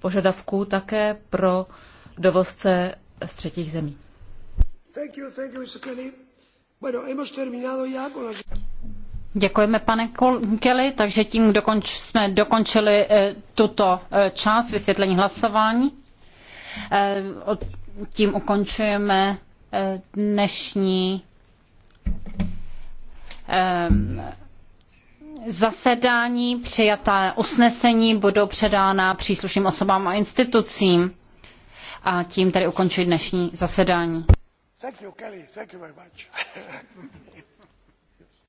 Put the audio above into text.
požadavků také pro dovozce z třetích zemí. Děkujeme, pane Kelly, takže tím dokonč, jsme dokončili eh, tuto eh, část vysvětlení hlasování. Eh, tím ukončujeme dnešní zasedání přijatá usnesení budou předána příslušným osobám a institucím. A tím tedy ukončuji dnešní zasedání.